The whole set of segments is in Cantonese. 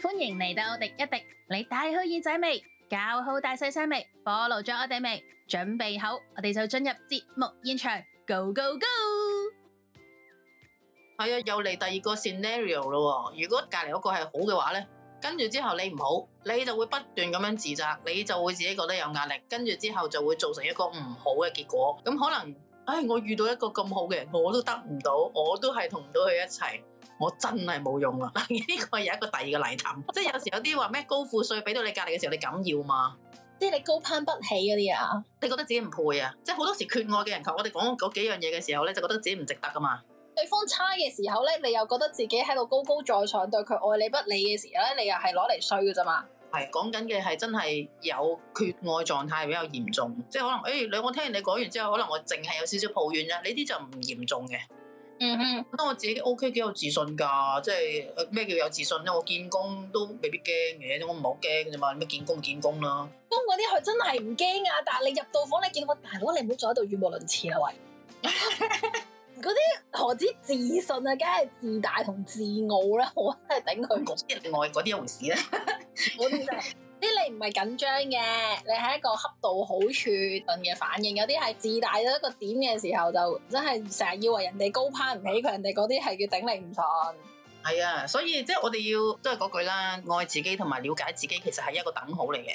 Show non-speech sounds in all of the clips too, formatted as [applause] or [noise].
歡迎嚟到滴一滴，你帶好耳仔未？搞好大細聲未？暴露咗我哋未？準備好，我哋就進入節目現場，Go Go Go！係啊，又嚟第二個 Go! scenario 咯。如果隔籬嗰個係好嘅話咧，跟住之後你唔好，你就會不斷咁樣自責，你就會自己覺得有壓力，跟住之後就會造成一個唔好嘅結果。咁可能，唉、哎，我遇到一個咁好嘅人，我都得唔到，我都係同唔到佢一齊。我真係冇用啊。嗱，呢個係一個第二個泥氹，即係有時有啲話咩高富帥俾到你隔離嘅時候，你敢要嘛？即係你高攀不起嗰啲啊？你覺得自己唔配啊？即係好多時缺愛嘅人，求我哋講嗰幾樣嘢嘅時候咧，就覺得自己唔值得㗎嘛。對方差嘅時候咧，你又覺得自己喺度高高在上；對佢愛理不理嘅時候咧，你又係攞嚟衰嘅啫嘛。係講緊嘅係真係有缺愛狀態比較嚴重，即係可能誒、欸，你我聽完你講完之後，可能我淨係有少少抱怨啫。呢啲就唔嚴重嘅。我覺得我自己都 O K，幾有自信噶，即係咩叫有自信咧？我見工都未必驚嘅，我唔係好驚啫嘛，你咩見工唔見工啦？工嗰啲佢真係唔驚啊！但係你入到房你到，你見到個大佬，你唔好再喺度語無倫次啦，喂！嗰啲 [laughs] [laughs] 何止自信啊，梗係自大同自傲啦、啊，我真係頂佢！ [laughs] [laughs] 另外嗰啲一回事啦、啊，嗰啲就。啲你唔係緊張嘅，你係一個恰到好處嘅反應。有啲係自大咗一個點嘅時候，就真係成日以為人哋高攀唔起佢，人哋嗰啲係叫頂你唔順。係啊，所以即係我哋要都係嗰句啦，愛自己同埋了解自己，其實係一個等號嚟嘅、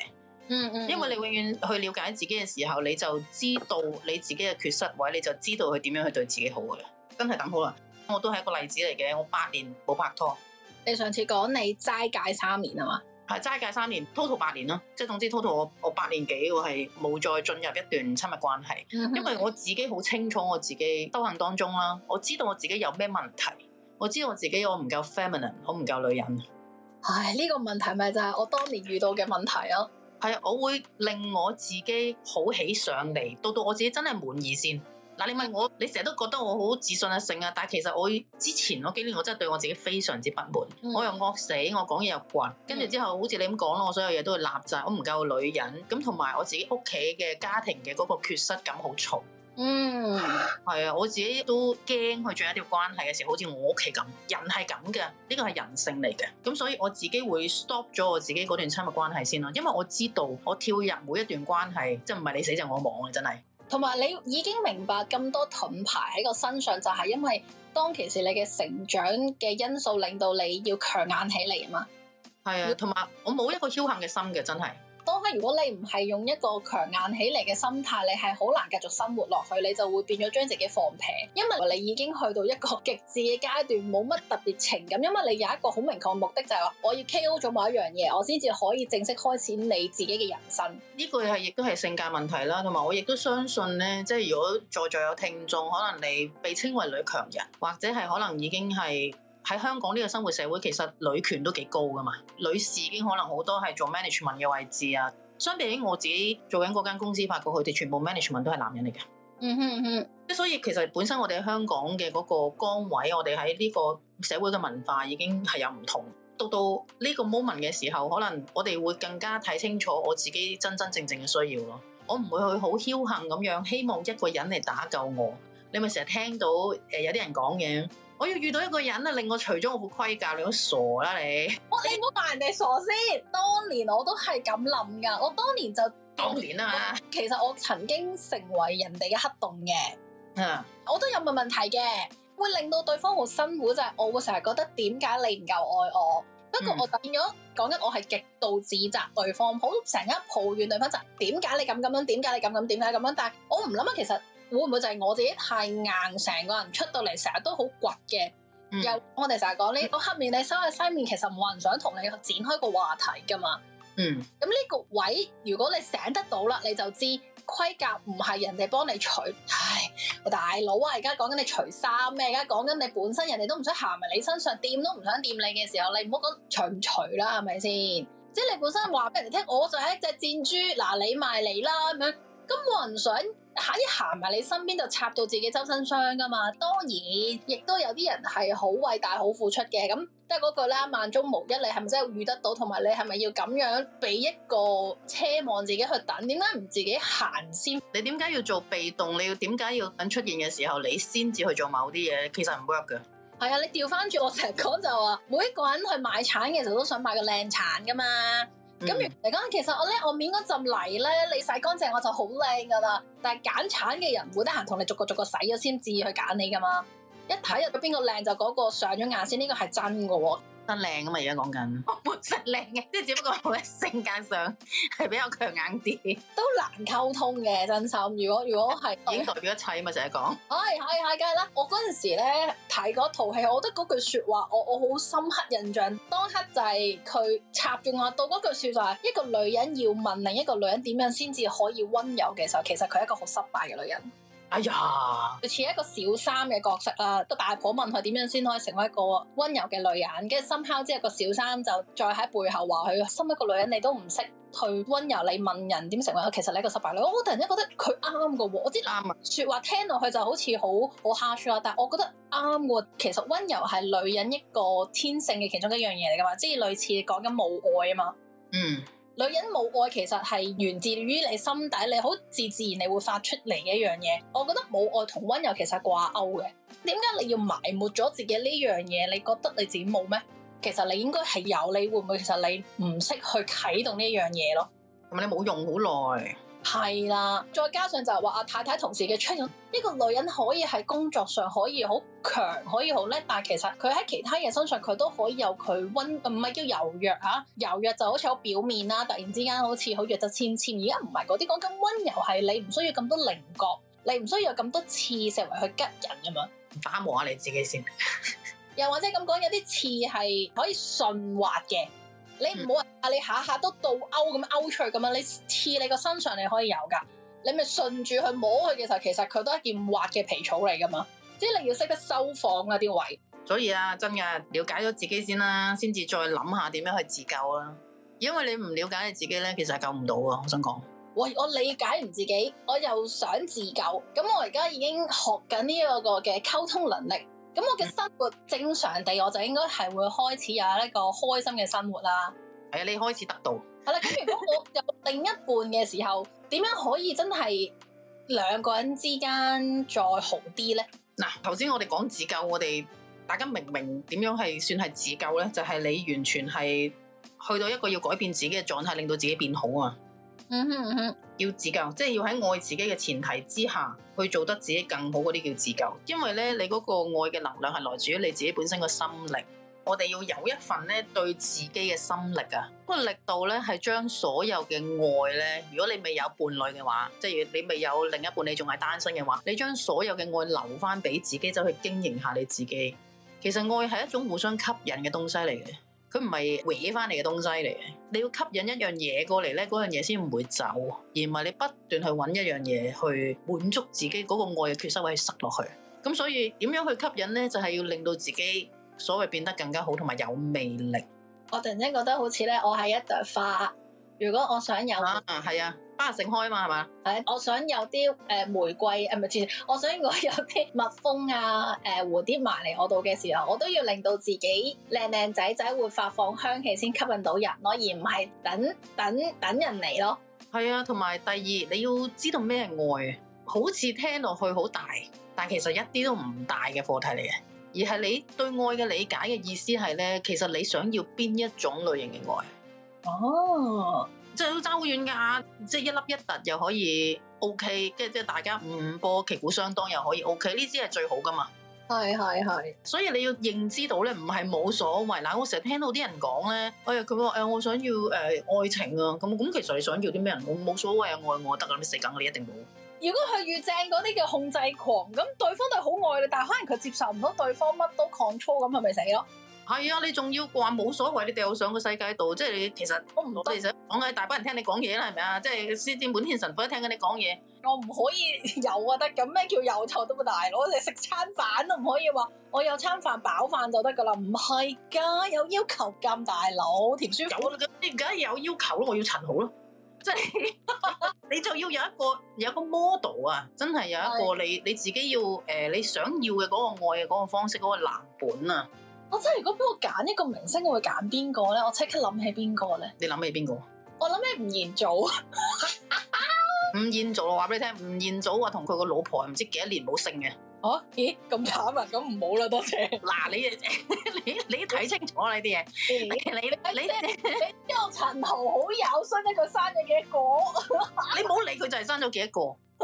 嗯。嗯嗯，因為你永遠去了解自己嘅時候，你就知道你自己嘅缺失位，或者你就知道佢點樣去對自己好嘅，真係等號啦。我都係一個例子嚟嘅，我八年冇拍拖。你上次講你齋戒三年啊嘛？齋戒三年，total 八年咯，即係總之 total 我我八年幾，我係冇再進入一段親密關係，因為我自己好清楚我自己修行當中啦，我知道我自己有咩問題，我知道我自己我唔夠 feminine，我唔夠女人。唉，呢個問題咪就係我當年遇到嘅問題咯。係啊，我會令我自己好起上嚟，到到我自己真係滿意先。嗱，你問我，你成日都覺得我好自信啊、盛啊，但係其實我之前嗰幾年我真係對我自己非常之不滿，嗯、我又惡死，我講嘢又笨，跟住之後好似、嗯、你咁講咯，我所有嘢都會立雜，我唔夠女人，咁同埋我自己屋企嘅家庭嘅嗰個缺失感好嘈。嗯，係啊， [laughs] 我自己都驚去再一條關係嘅時候，好似我屋企咁，人係咁嘅，呢個係人性嚟嘅。咁所以我自己會 stop 咗我自己嗰段親密關係先咯，因為我知道我跳入每一段關係，即係唔係你死就係我亡嘅，真係。同埋你已經明白咁多盾牌喺個身上，就係、是、因為當其時你嘅成長嘅因素，令到你要強硬起嚟啊嘛。係啊的，同埋要我冇一個僥倖嘅心嘅，真係。如果你唔係用一個強硬起嚟嘅心態，你係好難繼續生活落去，你就會變咗將自己放平。因為你已經去到一個極致嘅階段，冇乜特別情感。因為你有一個好明確嘅目的，就係話我要 KO 咗某一樣嘢，我先至可以正式開始你自己嘅人生。呢個係亦都係性格問題啦，同埋我亦都相信呢，即係如果在座有聽眾，可能你被稱為女強人，或者係可能已經係。喺香港呢個生活社會，其實女權都幾高噶嘛，女士已經可能好多係做 manage 文嘅位置啊。相比起我自己做緊嗰間公司，發覺佢哋全部 manage 文都係男人嚟嘅。嗯哼嗯哼，即所以其實本身我哋喺香港嘅嗰個崗位，我哋喺呢個社會嘅文化已經係有唔同。到到呢個 moment 嘅時候，可能我哋會更加睇清楚我自己真真正正嘅需要咯。我唔會去好僥倖咁樣希望一個人嚟打救我。你咪成日聽到誒、呃、有啲人講嘅。我要遇到一個人啊，令我除咗我副盔甲，你好傻啦你！我、哦、你唔好話人哋傻先。 [laughs] 當年我都係咁諗噶，我當年就當年，當年啊嘛。其實我曾經成為人哋嘅黑洞嘅，啊，我都有問問題嘅，會令到對方好辛苦就係、是、我會成日覺得點解你唔夠愛我？不過我突然咗講緊我係極度指責對方，好成日抱怨對方就點、是、解你咁咁樣，樣？點解你咁咁？點解咁樣？但係我唔諗啊，其實。會唔會就係我自己太硬，成個人出到嚟成日都好倔嘅？嗯、又我哋成日講呢個黑面你收喺西面，其實冇人想同你展開個話題噶嘛。嗯。咁呢個位，如果你醒得到啦，你就知盔甲唔係人哋幫你除。唉，大佬啊，而家講緊你除衫咩？而家講緊你本身，人哋都唔想行埋你身上，掂都唔想掂你嘅時候，你唔好講除唔除啦，係咪先？即係你本身話俾人聽，我就係一隻箭豬。嗱，你賣你啦咁樣，咁冇人想。嚇！下，一行埋你身邊就插到自己周身傷噶嘛，當然亦都有啲人係好偉大、好付出嘅。咁得嗰句啦，萬中無一，你係咪真係遇得到？同埋你係咪要咁樣俾一個奢望自己去等？點解唔自己行先？你點解要做被動？你要點解要等出現嘅時候你先至去做某啲嘢？其實唔 work 嘅。係啊，你調翻轉我成日講就話， [laughs] 每一個人去買橙嘅時候都想買個靚橙噶嘛。.咁嚟，嗯、講，其實我咧我面嗰陣泥咧，你洗乾淨我就好靚噶啦。但係揀產嘅人唔會得閒同你逐個逐個洗咗先至去揀你噶嘛。一睇入咗邊個靚就嗰個上咗眼先，呢、這個係真嘅喎、哦。真靚啊嘛？而家講緊，我本身靚嘅，即係只不過我喺性格上係比較強硬啲， [laughs] 都難溝通嘅真心。如果如果係 [laughs] 已經代表一切啊嘛，成日講，係係係梗係啦。我嗰陣時咧睇嗰套戲，我覺得嗰句說話，我我好深刻印象，當刻就係佢插住我到嗰句說話，一個女人要問另一個女人點樣先至可以温柔嘅時候，其實佢係一個好失敗嘅女人。哎呀，似一個小三嘅角色啊。個大婆問佢點樣先可以成為一個温柔嘅女人，跟住深敲之後 somehow, 個小三就再喺背後話佢，身一個女人你都唔識去温柔，你問人點成為，其實你一個失敗女，我突然間覺得佢啱嘅喎。我知啱啊，說話聽落去就好似好好 harsh 啦，但係我覺得啱嘅，其實温柔係女人一個天性嘅其中一樣嘢嚟噶嘛，即係類似講緊母愛啊嘛，嗯。女人冇愛其實係源自於你心底，你好自自然你會發出嚟嘅一樣嘢。我覺得冇愛同溫柔其實掛鈎嘅。點解你要埋沒咗自己呢樣嘢？你覺得你自己冇咩？其實你應該係有，你會唔會其實你唔識去啟動呢樣嘢咯？同埋你冇用好耐。係啦，再加上就係話阿太太同事嘅出現，一個女人可以喺工作上可以好強，可以好叻，但係其實佢喺其他人身上佢都可以有佢温，唔係叫柔弱吓、啊，柔弱就好似好表面啦、啊，突然之間好似好弱就纖纖，而家唔係嗰啲，講緊温柔係你唔需要咁多棱角，你唔需要有咁多刺石圍去刉人咁樣，打磨下你自己先， [laughs] 又或者咁講有啲刺係可以順滑嘅。你唔好話你下下都倒勾咁勾出去咁樣，你黐你個身上你可以有噶，你咪順住去摸佢嘅時候，其實佢都係件滑嘅皮草嚟噶嘛，即係你要識得收放啊啲位。嗯、所以啊，真嘅了解咗自己先啦，先至再諗下點樣去自救啊。因為你唔了解你自己咧，其實救唔到啊。我想講，喂，我理解唔自己，我又想自救，咁我而家已經學緊呢個個嘅溝通能力。咁我嘅生活正常地，我就應該係會開始有一個開心嘅生活啦。係啊，你開始得到。係啦，咁如果我有另一半嘅時候，點樣可以真係兩個人之間再好啲咧？嗱，頭先我哋講自救，我哋大家明唔明點樣係算係自救咧？就係、是、你完全係去到一個要改變自己嘅狀態，令到自己變好啊！要自救，即係要喺愛自己嘅前提之下去做得自己更好，嗰啲叫自救。因為呢，你嗰個愛嘅能量係嚟自於你自己本身個心力。我哋要有一份呢對自己嘅心力啊，嗰、個力度呢，係將所有嘅愛呢，如果你未有伴侶嘅話，即係你未有另一半，你仲係單身嘅話，你將所有嘅愛留翻俾自己，走去經營下你自己。其實愛係一種互相吸引嘅東西嚟嘅。佢唔係搲翻嚟嘅東西嚟嘅，你要吸引一樣嘢過嚟咧，嗰樣嘢先唔會走，而唔係你不斷去揾一樣嘢去滿足自己嗰個愛嘅缺失位去塞落去。咁所以點樣去吸引咧？就係、是、要令到自己所謂變得更加好同埋有魅力。我突然間覺得好似咧，我係一朵花，如果我想有，啊，係啊。花、啊、盛開嘛係嘛？係、哎、我想有啲誒、呃、玫瑰誒唔係住，我想我有啲蜜蜂啊、誒蝴蝶埋嚟我度嘅時候，我都要令到自己靚靚仔仔會發放香氣先吸引到人，人咯，而唔係等等等人嚟咯。係啊，同埋第二你要知道咩愛啊？好似聽落去好大，但其實一啲都唔大嘅課題嚟嘅，而係你對愛嘅理解嘅意思係咧，其實你想要邊一種類型嘅愛？哦。即係都爭好遠噶，即係一粒一突又可以 O K，跟住即係大家五五波旗鼓相當又可以 O K，呢支係最好噶嘛。係係係，所以你要認知到咧，唔係冇所謂。嗱，我成日聽到啲人講咧，我又佢話誒，我想要誒、哎、愛情啊，咁咁其實你想要啲咩人冇冇所謂啊，愛我得啦，你死梗你一定冇。如果佢遇正嗰啲嘅控制狂，咁對方都係好愛你，但係可能佢接受唔到對方乜都 control，咁係咪死咯？係啊！你仲要話冇所謂？你掉上個世界度，即係你其實我唔覺得你想講嘅大把人聽你講嘢啦，係咪啊？即係書店滿天神佛、啊、都聽緊你講嘢。我唔可以有啊得咁咩叫有就都嘛？大佬，你食餐飯都唔可以話我有餐飯飽飯就得噶啦，唔係噶有，要求咁大佬條書有啦咁，而家有要求咯，我要陳豪咯，即係、 [laughs] 就是、 [laughs] 你就要有一個有一個 model 啊，真係有一個你的你自己要誒、呃、你想要嘅嗰個愛嘅嗰個方式嗰、那個藍本啊。我真係如果俾我揀一個明星，我會揀邊個咧？我即刻諗起邊個咧？你諗起邊個 [laughs] ？我諗起吳彥祖。吳彥祖我話俾你聽，吳彥祖話同佢個老婆唔知幾多年冇性嘅。啊？咦？咁慘啊！咁唔好啦，多謝。嗱，你你你睇清楚呢啲嘢，你 [laughs] 你你你，你， [laughs] 你知陳豪好有，生得佢生咗幾多個？ [laughs] 你唔好理佢，就係生咗幾多個。 [laughs]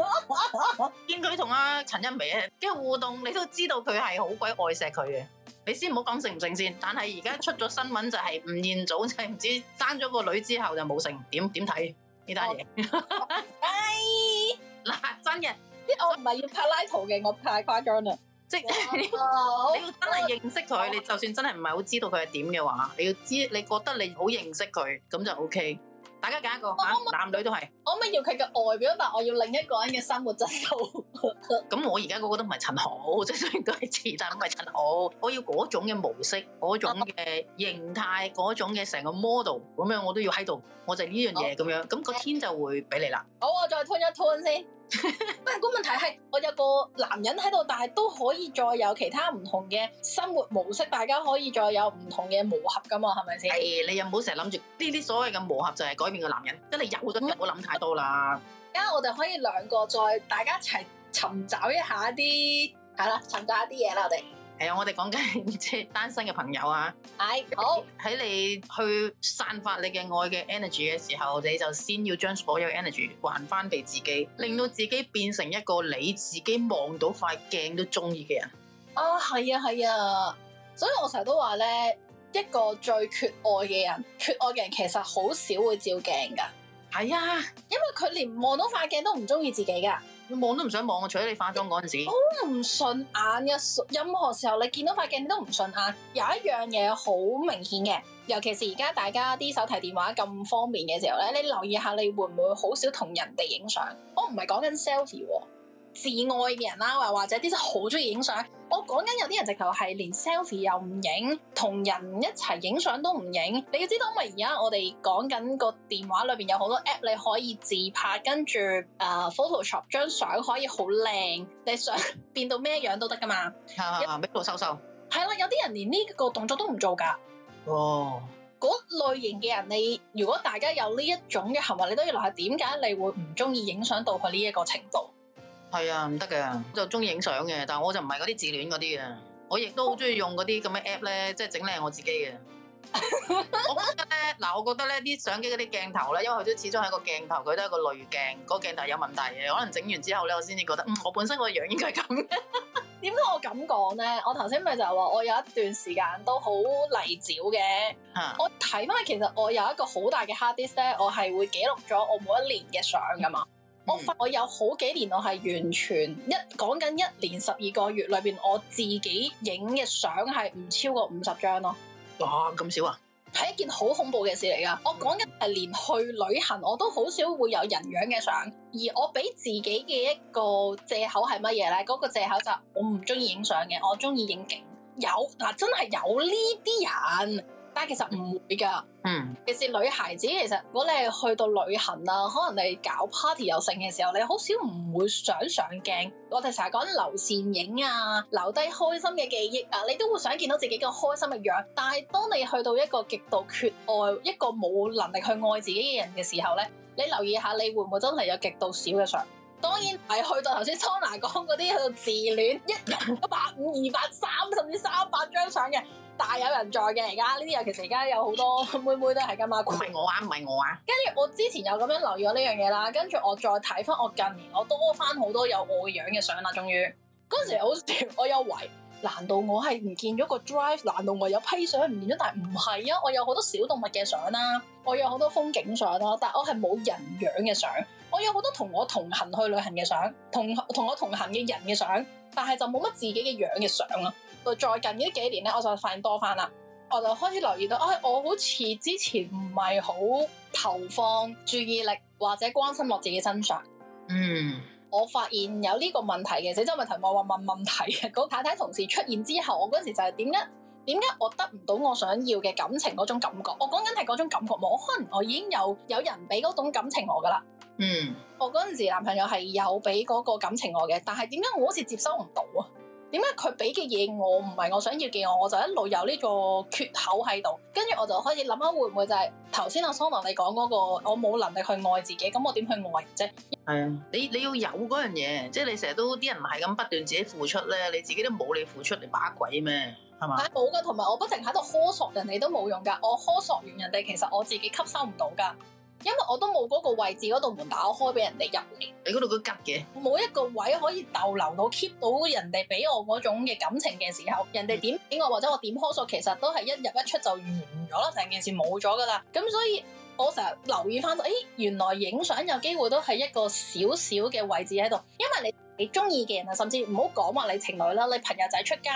我見佢同阿陳茵媺嘅互動，你都知道佢係好鬼愛錫佢嘅。你先唔好講成唔成先，但係而家出咗新聞就係吳彥祖，就係、是、唔知生咗個女之後就冇成，點點睇呢單嘢？拜！嗱，真嘅，啲我唔係要柏拉圖嘅，我太誇張啦。即係、oh. [laughs] 你要真係認識佢，oh. 你就算真係唔係好知道佢係點嘅話，你要知你覺得你好認識佢，咁就 O、OK、K。大家揀一個，不男女都係。我唔要佢嘅外表，但我要另一個人嘅生活質素。咁 [laughs] [laughs] 我而家嗰個都唔係陳豪，即係都係似但唔係陳豪。我要嗰種嘅模式，嗰種嘅形態，嗰種嘅成個 model，咁樣我都要喺度。我就呢樣嘢咁樣，咁個天就會俾你啦。好，我再吞一吞先。不過個問題係，我有個男人喺度，但係都可以再有其他唔同嘅生活模式，大家可以再有唔同嘅磨合㗎嘛，係咪先？誒、哎，你又唔好成日諗住呢啲所謂嘅磨合就係改變個男人，真係有咗就唔好諗太多啦。而家我哋可以兩個再大家一齊尋找一下啲，係啦，尋找一啲嘢啦，我哋。係、哎、 [noise] 啊，我哋講緊即係單身嘅朋友啊，係好喺你去散發你嘅愛嘅 energy 嘅時候，你就先要將所有 energy 還翻俾自己，令到自己變成一個你自己望到塊鏡都中意嘅人啊！係啊，係啊，所以我成日都話咧，一個最缺愛嘅人，缺愛嘅人其實好少會照鏡噶，係啊，因為佢連望到塊鏡都唔中意自己噶。望都唔想望我，除咗你化妝嗰陣時，好唔順眼嘅，任何時候你見到塊鏡都唔順眼。有一樣嘢好明顯嘅，尤其是而家大家啲手提電話咁方便嘅時候咧，你留意下你會唔會好少同人哋影相？我唔係講緊 selfie。自愛嘅人啦，或或者啲真好中意影相。我講緊有啲人直頭係連 selfie 又唔影，同人一齊影相都唔影。你要知道，因為而家我哋講緊個電話裏邊有好多 app，你可以自拍，跟住誒、uh, Photoshop 張相可以好靚，你想變到咩樣都得噶嘛。啊 [laughs] 有，一路收收。係啦，有啲人連呢個動作都唔做噶。哦，嗰類型嘅人，你如果大家有呢一種嘅行為，你都要留下點解你會唔中意影相到佢呢一個程度？係啊，唔得嘅。我就中意影相嘅，但係我就唔係嗰啲自戀嗰啲嘅。我亦都 APP, 好中意用嗰啲咁嘅 app 咧，即係整靚我自己嘅。 [laughs] 我覺得咧，嗱，我覺得咧啲相機嗰啲鏡頭咧，因為佢都始終係一個鏡頭，佢都係個濾鏡，嗰、那個、鏡頭有問題嘅。可能整完之後咧，我先至覺得、嗯，我本身我嘅樣應該係咁嘅。點 [laughs] 解我咁講咧？我頭先咪就係話，我有一段時間都好泥沼嘅。嗯、我睇翻其實我有一個好大嘅 hard disk 咧，我係會記錄咗我每一年嘅相噶嘛。嗯我發我有好幾年，我係完全一講緊一年十二個月裏邊，我自己影嘅相係唔超過五十張咯。哇咁少啊！係一件好恐怖嘅事嚟噶。我講緊係連去旅行，我都好少會有人樣嘅相，而我俾自己嘅一個借口係乜嘢咧？嗰個藉口就，我唔中意影相嘅，我中意影景。有，嗱，真係有呢啲人。但係其實唔會噶，嗯、其實女孩子其實如果你係去到旅行啊，可能你搞 party 又盛嘅時候，你好少唔會想上鏡。我哋成日講留倩影啊，留低開心嘅記憶啊，你都會想見到自己嘅開心嘅樣。但係當你去到一個極度缺愛、一個冇能力去愛自己嘅人嘅時候咧，你留意下，你會唔會真係有極度少嘅相？當然係去到頭先，桑拿講嗰啲去到自戀，一人一百五、二百、三甚至三百張相嘅大有人在嘅。而家呢啲尤其係而家有好多妹妹都係噶嘛，唔係我啊，唔係我啊。跟住我之前有咁樣留意咗呢樣嘢啦，跟住我再睇翻我近年我多翻好多有我樣嘅相啦。終於嗰陣時好，我有懷，難道我係唔見咗個 drive？難道我有批相唔見咗？但係唔係啊？我有好多小動物嘅相啦，我有好多風景相啦。但我係冇人樣嘅相。我有好多同我同行去旅行嘅相，同同我同行嘅人嘅相，但係就冇乜自己嘅樣嘅相咯。到最近呢幾年咧，我就發現多翻啦。我就開始留意到，哎，我好似之前唔係好投放注意力或者關心我自己身上。嗯，我發現有呢個問題嘅。你真係咪提問？我話問問題嘅嗰、那個、太太同事出現之後，我嗰時就係點解點解我得唔到我想要嘅感情嗰種感覺？我講緊係嗰種感覺冇可能我已經有有人俾嗰種感情我噶啦。嗯，mm. 我嗰陣時男朋友係有俾嗰個感情我嘅，但係點解我好似接收唔到啊？點解佢俾嘅嘢我唔係我想要嘅我，我就一路有呢個缺口喺度，跟住我就開始諗下會唔會就係頭先阿 Summer 你講嗰個，我冇能力去愛自己，咁我點去愛啫？係啊，你你要有嗰樣嘢，即係你成日都啲人係咁不斷自己付出咧，你自己都冇你付出嚟把鬼咩？係嘛？冇噶，同埋我不停喺度呵索人哋都冇用噶，我呵索完人哋，其實我自己吸收唔到噶。因為我都冇嗰個位置嗰度、那個、門打開俾人哋入嚟，你嗰度都吉嘅，冇一個位可以逗留到 keep 到人哋俾我嗰種嘅感情嘅時候，人哋點俾我或者我點呵錫，其實都係一入一出就完咗啦，成件事冇咗噶啦。咁所以我成日留意翻，誒、哎、原來影相有機會都係一個小小嘅位置喺度，因為你你中意嘅人啊，甚至唔好講話你情侶啦，你朋友仔出街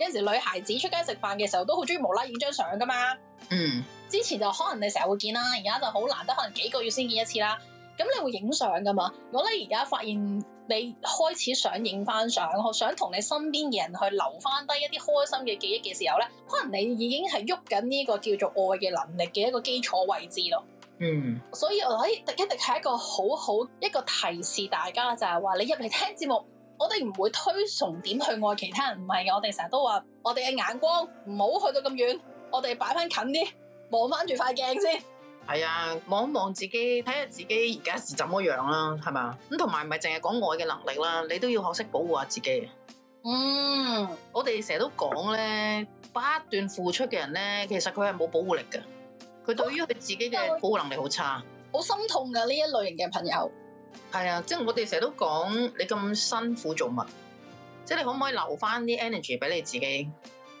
有陣時，女孩子出街食飯嘅時候都好中意無啦啦影張相噶嘛。嗯，之前就可能你成日會見啦，而家就好難得，可能幾個月先見一次啦。咁你會影相噶嘛？如果你而家發現你開始想影翻相，想同你身邊嘅人去留翻低一啲開心嘅記憶嘅時候咧，可能你已經係喐緊呢個叫做愛嘅能力嘅一個基礎位置咯。嗯，所以我可以一定係一個好好一個提示大家，就係話你入嚟聽節目，我哋唔會推崇點去愛其他人，唔係嘅，我哋成日都話，我哋嘅眼光唔好去到咁遠。我哋擺翻近啲，望翻住塊鏡先。係啊，望一望自己，睇下自己而家是怎麼樣啦，係嘛？咁同埋唔係淨係講愛嘅能力啦，你都要學識保護下自己。嗯，我哋成日都講咧，不斷付出嘅人咧，其實佢係冇保護力噶，佢對於佢自己嘅保護能力好差，好心痛噶。呢一類型嘅朋友。係啊，即係我哋成日都講，你咁辛苦做乜？即係你可唔可以留翻啲 energy 俾你自己？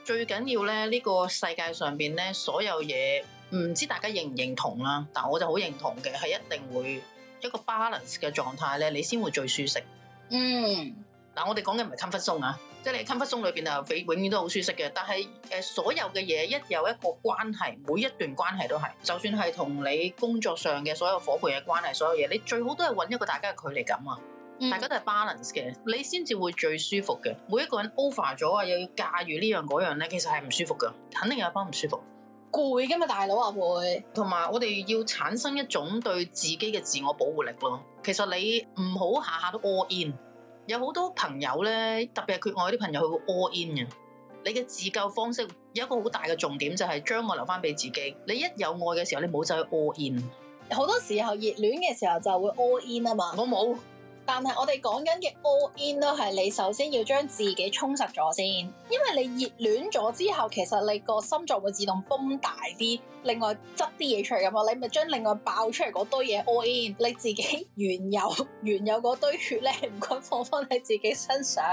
最緊要咧，呢個世界上邊咧，所有嘢，唔知大家認唔認同啦，但我就好認同嘅，係一定會一個 balance 嘅狀態咧，你先會最舒適。嗯，嗱，我哋講嘅唔係 comfort zone 啊，即係你 comfort zone 裏邊啊，永遠都好舒適嘅。但係誒、呃，所有嘅嘢一有一個關係，每一段關係都係，就算係同你工作上嘅所有夥伴嘅關係，所有嘢，你最好都係搵一個大家嘅距離感啊。嗯、大家都係 balance 嘅，你先至會最舒服嘅。每一個人都 over 咗啊，又要駕馭呢樣嗰樣咧，其實係唔舒服嘅，肯定有一班唔舒服。攰嘅嘛，大佬啊，會。同埋我哋要產生一種對自己嘅自我保護力咯。其實你唔好下下都 all in。有好多朋友咧，特別係缺愛啲朋友，佢會 all in 嘅。你嘅自救方式有一個好大嘅重點，就係、是、將我留翻俾自己。你一有愛嘅時候，你冇走去 all in。好多時候熱戀嘅時候就會 all in 啊嘛。我冇。但係我哋講緊嘅 all in 都係你首先要將自己充實咗先，因為你熱戀咗之後，其實你個心臟會自動泵大啲，另外執啲嘢出嚟咁啊，你咪將另外爆出嚟嗰堆嘢 all in，你自己原有原有嗰堆血咧唔該放翻你自己身上。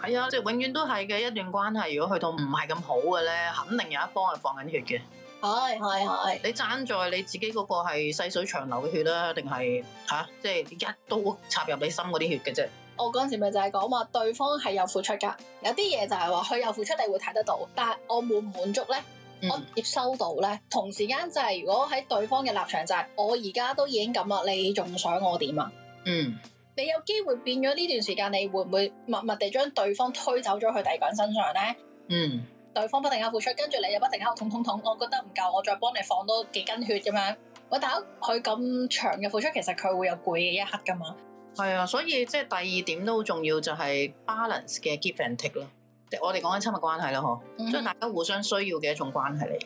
係啊，即係永遠都係嘅一段關係。如果去到唔係咁好嘅咧，肯定有一方係放緊血嘅。係係係，hi hi。你爭在你自己嗰個係細水長流嘅血啦，定係嚇？即係一刀插入你心嗰啲血嘅啫。我嗰陣時咪就係講話，對方係有付出噶，有啲嘢就係話佢有付出，你會睇得到，但係我滿唔滿足咧？嗯、我接收到咧，同時間就係如果喺對方嘅立場就係，我而家都已經咁啦，你仲想我點啊？嗯。你有機會變咗呢段時間，你會唔會默默地將對方推走咗去第二個人身上咧？嗯。對方不停咁付出，跟住你又不停喺度捅捅捅，我覺得唔夠，我再幫你放多幾斤血咁樣。我睇佢咁長嘅付出，其實佢會有攰嘅一刻噶嘛。係啊，所以即係第二點都好重要，就係、是、balance 嘅 give and take 咯。即我哋講緊親密關係啦，嗬、嗯哼，即係大家互相需要嘅一種關係嚟。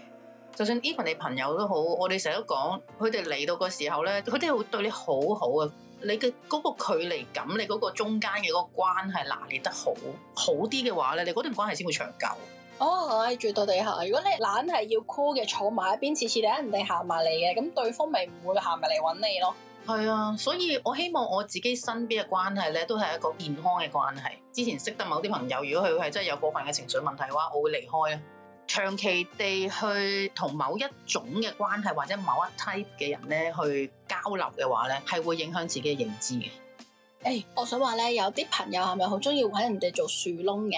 就算 even 你朋友都好，我哋成日都講，佢哋嚟到個時候咧，佢哋會對你好好啊。你嘅嗰個距離感，你嗰個中間嘅嗰個關係拿捏得好，好啲嘅話咧，你嗰段關係先會長久。哦，住到地下。如果你懶係要 cool 嘅，坐埋一邊，次次等人哋行埋嚟嘅，咁對方咪唔會行埋嚟揾你咯。係啊，所以我希望我自己身邊嘅關係咧，都係一個健康嘅關係。之前識得某啲朋友，如果佢係真係有過分嘅情緒問題嘅話，我會離開啦。長期地去同某一種嘅關係或者某一 type 嘅人咧去交流嘅話咧，係會影響自己嘅認知嘅。誒、哎，我想話咧，有啲朋友係咪好中意搵人哋做樹窿嘅？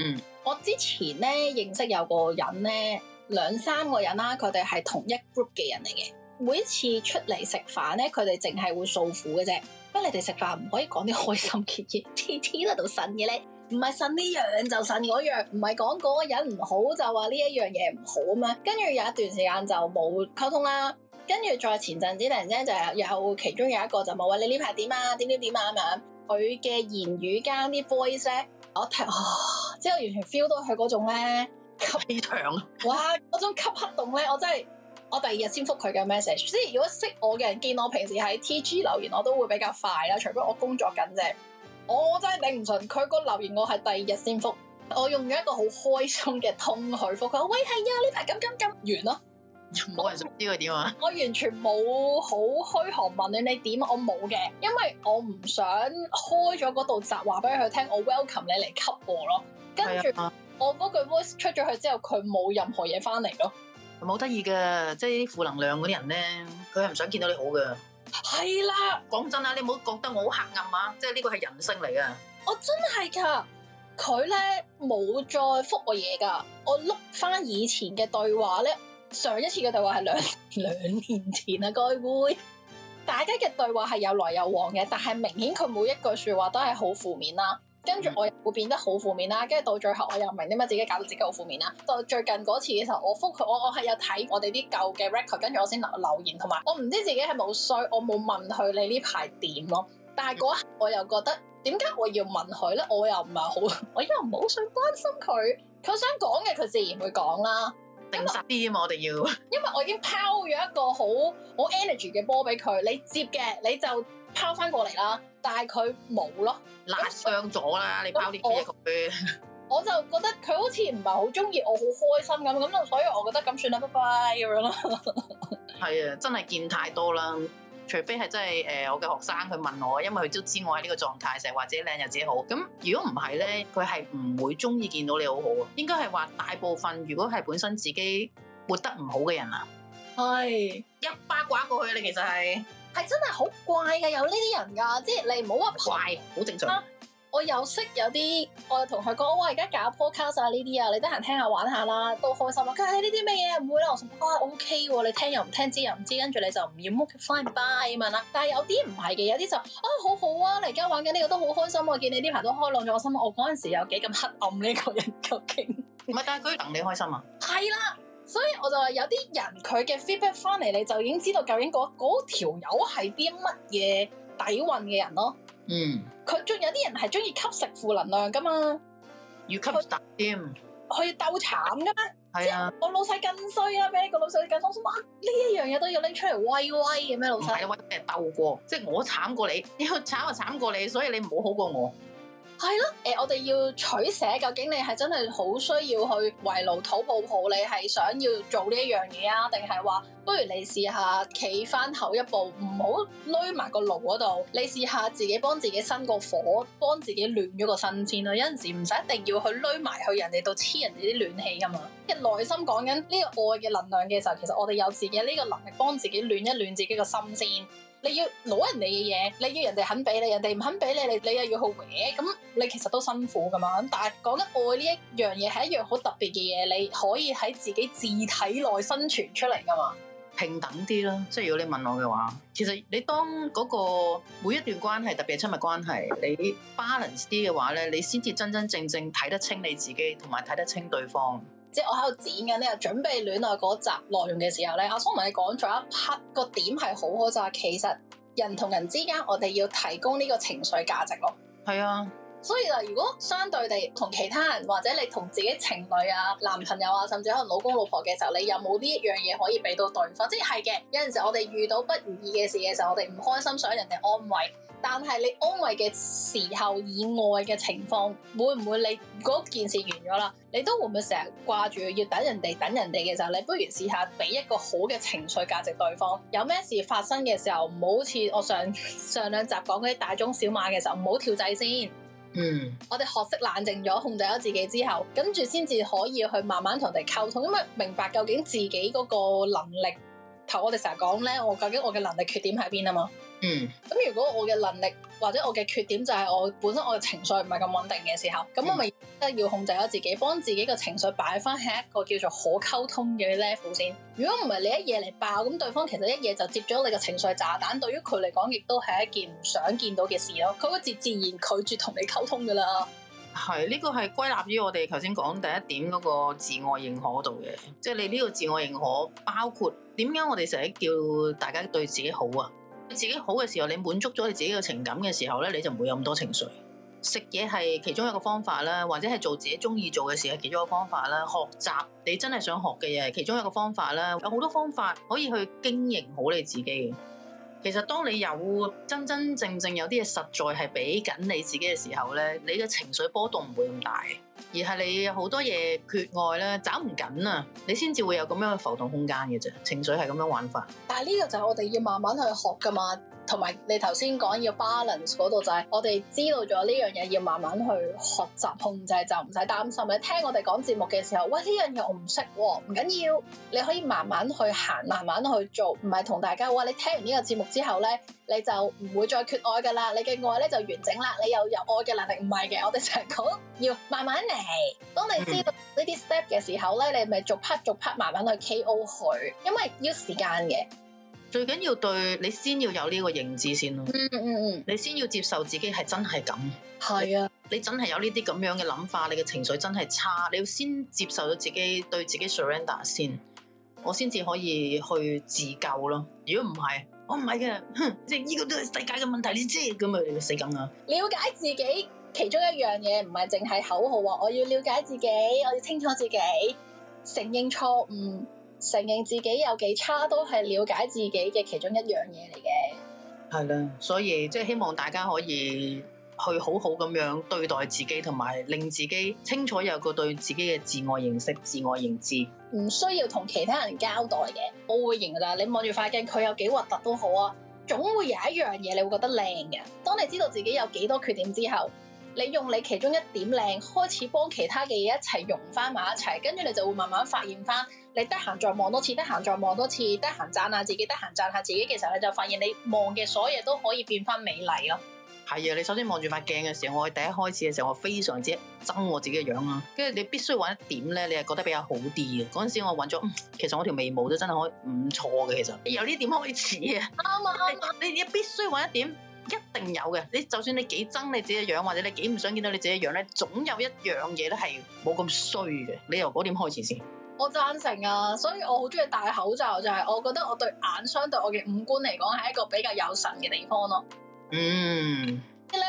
嗯，我之前咧認識有個人咧，兩三個人啦、啊，佢哋係同一 group 嘅人嚟嘅。每一次出嚟食飯咧，佢哋淨係會訴苦嘅啫。乜你哋食飯唔可以講啲開心嘅嘢？天天喺度呻嘅咧，唔係呻呢樣就呻嗰樣，唔係講嗰個人唔好就話呢一樣嘢唔好啊嘛。跟住有一段時間就冇溝通啦。跟住再前陣子突然間，就有其中有一個就冇話：你呢排點啊？點點點啊咁樣。佢嘅言語間啲 voice 咧，我睇啊，即係我完全 feel 到佢嗰種咧吸長啊！ [laughs] 哇，嗰種吸黑洞咧，我真係我第二日先復佢嘅 message。即係如果識我嘅人，見我平時喺 TG 留言，我都會比較快啦。除非我工作緊啫，我真係頂唔順。佢個留言我係第二日先復，我用咗一個好開心嘅通去復佢。喂係啊，呢排咁咁咁完咯。冇人想知佢點啊！我完全冇好虛寒問你你點，我冇嘅，因為我唔想開咗嗰道閘，話俾佢聽我 welcome 你嚟吸我咯。跟住、啊、我嗰句 voice 出咗去之後，佢冇任何嘢翻嚟咯，冇得意嘅，即係啲負能量嗰啲人咧，佢係唔想見到你好噶。係啦的，講真啦，你唔好覺得我好黑暗啊！即係呢個係人性嚟噶。我真係噶，佢咧冇再復我嘢噶，我碌翻以前嘅對話咧。上一次嘅對話係兩兩年前啊，聚會，大家嘅對話係有來有往嘅，但係明顯佢每一句說話都係好負面啦，跟住我又會變得好負面啦，跟住到最後我又唔明點解自己搞到自己好負面啦。到最近嗰次嘅時候我覆，我覆佢，我我係有睇我哋啲舊嘅 record，跟住我先留留言，同埋我唔知自己係冇衰，我冇問佢你呢排點咯。但係嗰刻我又覺得，點解我要問佢咧？我又唔係好，我又唔好想關心佢，佢想講嘅佢自然會講啦。定實啲啊嘛，我哋要。因為我已經拋咗一個好好 energy 嘅波俾佢， [laughs] 你接嘅你就拋翻過嚟啦。但係佢冇咯，拉傷咗啦！為你拋啲佢啊佢。我， [laughs] 我就覺得佢好似唔係好中意我，好開心咁，咁就所以我覺得咁算啦，拜拜，e 咁樣咯。係 [laughs] 啊，真係見太多啦。除非係真係誒、呃，我嘅學生佢問我，因為佢都知我喺呢個狀態，成日或者靚日自己好。咁如果唔係咧，佢係唔會鍾意見到你好好啊。應該係話大部分，如果係本身自己活得唔好嘅人啊，唉，係一八卦過去你其實係係真係好怪嘅，有呢啲人噶，即係你唔好話排，好正常。啊。我又識有啲，我同佢講，我而家搞 podcast 啊呢啲啊，你得閒聽下玩下啦、啊，都開心啊。佢話：呢啲咩嘢唔會啦。我心諗啊，O、okay、K、啊、你聽又唔聽，知又唔知，跟住你就唔要 motivate by 問啦。但係有啲唔係嘅，有啲就啊，好好啊，你而家玩緊呢個都好開心啊，見你呢排都開朗咗，我心諗我嗰陣時有幾咁黑暗呢個人究竟？唔係，但係佢等你開心啊。係啦， [laughs] 所以我就話有啲人佢嘅 feedback 翻嚟，你就已經知道究竟嗰條友係啲乜嘢底蘊嘅人咯。嗯，佢仲有啲人係中意吸食負能量噶嘛，要吸食佢要鬥慘噶咩？係啊，即我老細更衰啦、啊，俾呢個老細更心、啊、哇！呢一樣嘢都要拎出嚟威威嘅咩老細？係威俾人鬥過，即係我慘過你，你又慘又慘過你，所以你唔好好過我。係咯，誒、呃，我哋要取捨，究竟你係真係好需要去圍爐討抱抱，你係想要做呢一樣嘢啊，定係話不如你試下企翻後一步，唔好攞埋個爐嗰度，你試下自己幫自己生個火，幫自己暖咗個身先咯，有陣時唔使一定要去攞埋去人哋度黐人哋啲暖氣噶嘛，即係內心講緊呢個愛嘅能量嘅時候，其實我哋有自己呢個能力幫自己暖一暖自己個心先。你要攞人哋嘅嘢，你要人哋肯俾你，人哋唔肯俾你，你你又要去搲，咁你其實都辛苦噶嘛。但係講緊愛呢一樣嘢，係一樣好特別嘅嘢，你可以喺自己自體內生存出嚟噶嘛。平等啲囉，即係如果你問我嘅話，其實你當嗰個每一段關係，特別係親密關係，你 balance 啲嘅話咧，你先至真真正正睇得清你自己，同埋睇得清對方。即係我喺度剪緊咧，準備戀愛嗰集內容嘅時候咧，阿聰同你講咗一 part、個點係好就扎，其實人同人之間，我哋要提供呢個情緒價值咯。係啊。所以啦，如果相對地同其他人，或者你同自己情侶啊、男朋友啊，甚至可能老公老婆嘅時候，你有冇呢一樣嘢可以俾到對方？即係嘅，有陣時我哋遇到不如意嘅事嘅時候，我哋唔開心想人哋安慰，但係你安慰嘅時候以外嘅情況，會唔會你嗰件事完咗啦？你都會唔會成日掛住要等人哋等人哋嘅時候，你不如試下俾一個好嘅情緒價值對方。有咩事發生嘅時候，唔好似我上上兩集講嗰啲大中小馬嘅時候，唔好跳掣先。嗯，我哋學識冷靜咗，控制咗自己之後，跟住先至可以去慢慢同人哋溝通，因為明白究竟自己嗰個能力。頭我哋成日講咧，我究竟我嘅能力缺點喺邊啊嘛？嗯，咁如果我嘅能力或者我嘅缺點就係我本身我嘅情緒唔係咁穩定嘅時候，咁我咪都、嗯、要控制咗自己，幫自己嘅情緒擺翻喺一個叫做可溝通嘅 level 先。如果唔係你一嘢嚟爆，咁對方其實一嘢就接咗你嘅情緒炸彈，對於佢嚟講亦都係一件唔想見到嘅事咯。佢個自自然拒絕同你溝通噶啦。係，呢個係歸納於我哋頭先講第一點嗰個自我認可度嘅，即係你呢個自我認可包括點解我哋成日叫大家對自己好啊？你自己好嘅時候，你滿足咗你自己嘅情感嘅時候咧，你就唔會有咁多情緒。食嘢係其中一個方法啦，或者係做自己中意做嘅事嘅其中一個方法啦，學習你真係想學嘅嘢其中一個方法啦，有好多方法可以去經營好你自己。其實，當你有真真正正有啲嘢實在係俾緊你自己嘅時候咧，你嘅情緒波動唔會咁大，而係你好多嘢缺愛咧，找唔緊啊，你先至會有咁樣嘅浮動空間嘅啫。情緒係咁樣玩法，但係呢個就係我哋要慢慢去學㗎嘛。同埋你頭先講要 balance 嗰度就係我哋知道咗呢樣嘢，要慢慢去學習控制，就唔使擔心。你聽我哋講節目嘅時候，哇！呢樣嘢我唔識，唔緊要，你可以慢慢去行，慢慢去做。唔係同大家話你聽完呢個節目之後咧，你就唔會再缺愛噶啦，你嘅愛咧就完整啦。你又有，有愛嘅能力唔係嘅，我哋成日講要慢慢嚟。當你知道呢啲 step 嘅時候咧，你咪逐 part 逐 part 慢慢去 KO 佢，因為要時間嘅。最緊要對你先要有呢個認知先咯。嗯嗯嗯，你先要接受自己係真係咁，係啊你，你真係有呢啲咁樣嘅諗法，你嘅情緒真係差，你要先接受咗自己對自己 surrender 先，我先至可以去自救咯。如果唔係，我唔係嘅，哼，即係呢個都係世界嘅問題，你知，咁咪，你死梗啊！了解自己其中一樣嘢，唔係淨係口號啊！我要了解自己，我要清楚自己，承認錯誤。承認自己有幾差，都係了解自己嘅其中一樣嘢嚟嘅。係啦，所以即係、就是、希望大家可以去好好咁樣對待自己，同埋令自己清楚有個對自己嘅自我認識、自我認知，唔需要同其他人交代嘅。我會認噶啦，你望住塊鏡，佢有幾核突都好啊，總會有一樣嘢你會覺得靚嘅。當你知道自己有幾多缺點之後。你用你其中一點靚開始幫其他嘅嘢一齊融翻埋一齊，跟住你就會慢慢發現翻。你得閒再望多次，得閒再望多次，得閒讚下自己，得閒讚下自己嘅時候，其實你就發現你望嘅所有嘢都可以變翻美麗咯。係啊，你首先望住塊鏡嘅時候，我喺第一開始嘅時候，我非常之憎我自己嘅樣啊。跟住你必須揾一點咧，你係覺得比較好啲嘅。嗰陣時我揾咗、嗯，其實我條眉毛都真係可以唔錯嘅。其實由呢點開始 [laughs] 啊，啱啊啱你 [laughs] 你必須揾一點。一定有嘅，你就算你幾憎你自己嘅樣，或者你幾唔想見到你自己嘅樣咧，總有一樣嘢咧係冇咁衰嘅。你由嗰點開始先。我讚成啊，所以我好中意戴口罩，就係、是、我覺得我對眼相對我嘅五官嚟講係一個比較有神嘅地方咯。嗯，咧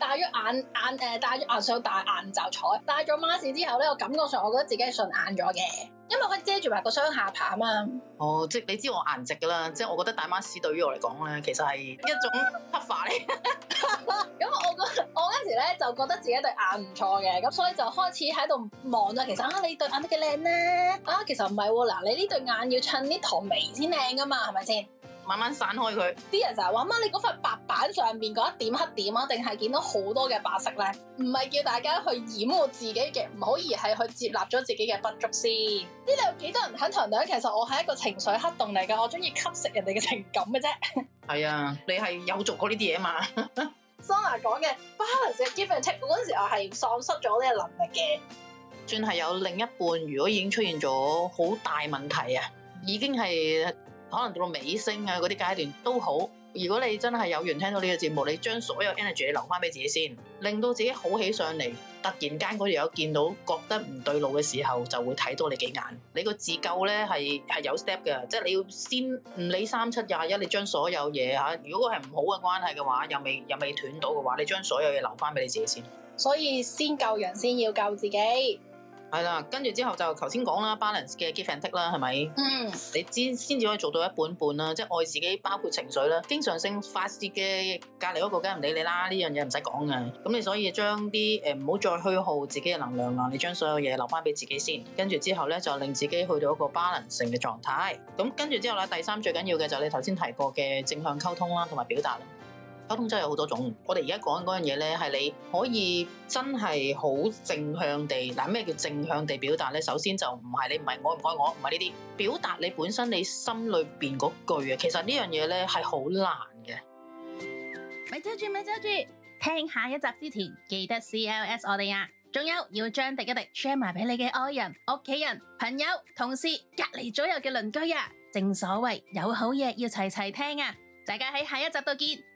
戴咗眼眼誒，戴咗眼霜、呃，戴眼罩彩，戴咗 mask 之後咧，我感覺上我覺得自己係順眼咗嘅。因為佢遮住埋個雙下巴啊嘛。哦，即係你知我顏值噶啦，即係我覺得大媽師對於我嚟講咧，其實係一種黑化嚟。咁 [laughs] [laughs] [laughs] 我我嗰時咧就覺得自己對眼唔錯嘅，咁所以就開始喺度望啦。其實啊，你對眼都幾靚咧？啊，其實唔係喎，嗱，你呢對眼要襯呢坨眉先靚噶嘛，係咪先？慢慢散開佢，啲人就話，媽，你嗰塊白板上面嗰一點黑點啊，定係見到好多嘅白色咧？唔係叫大家去掩護自己嘅，唔好而係去接納咗自己嘅不足先。啲，你有幾多人肯談？其實我係一個情緒黑洞嚟噶，我中意吸食人哋嘅情感嘅啫。係啊，你係有做過呢啲嘢嘛？Sona 講嘅 balance give and take 嗰陣時候係喪失咗呢個能力嘅，算係有另一半如果已經出現咗好大問題啊，已經係。可能到到尾聲啊，嗰啲階段都好。如果你真係有緣聽到呢個節目，你將所有 energy 留翻俾自己先，令到自己好起上嚟。突然間嗰條友見到覺得唔對路嘅時候，就會睇多你幾眼。你個自救咧係係有 step 嘅，即係你要先唔理三七廿一，你將所有嘢吓，如果係唔好嘅關係嘅話，又未又未斷到嘅話，你將所有嘢留翻俾你自己先。所以先救人先要救自己。係啦，跟住之後就頭先講啦，balance 嘅 give and take 啦，係咪？嗯。你先先至可以做到一本半啦，即係愛自己，包括情緒啦。經常性發洩嘅隔離嗰個梗唔理你啦，呢樣嘢唔使講嘅。咁你所以將啲誒唔好再虛耗自己嘅能量啦，你將所有嘢留翻俾自己先，跟住之後咧就令自己去到一個 balance 性嘅狀態。咁跟住之後啦，第三最緊要嘅就係你頭先提過嘅正向溝通啦，同埋表達啦。溝通真係有好多種。我哋而家講嗰樣嘢咧，係你可以真係好正向地，嗱咩叫正向地表達咧？首先就唔係你唔係愛唔愛我，唔係呢啲表達你本身你心裏邊嗰句啊。其實呢樣嘢咧係好難嘅。咪住咪住，聽下一集之前記得 CLS 我哋啊，仲有要將滴一滴 share 埋俾你嘅愛人、屋企人、朋友、同事、隔離左右嘅鄰居啊。正所謂有好嘢要齊齊聽啊！大家喺下一集度見。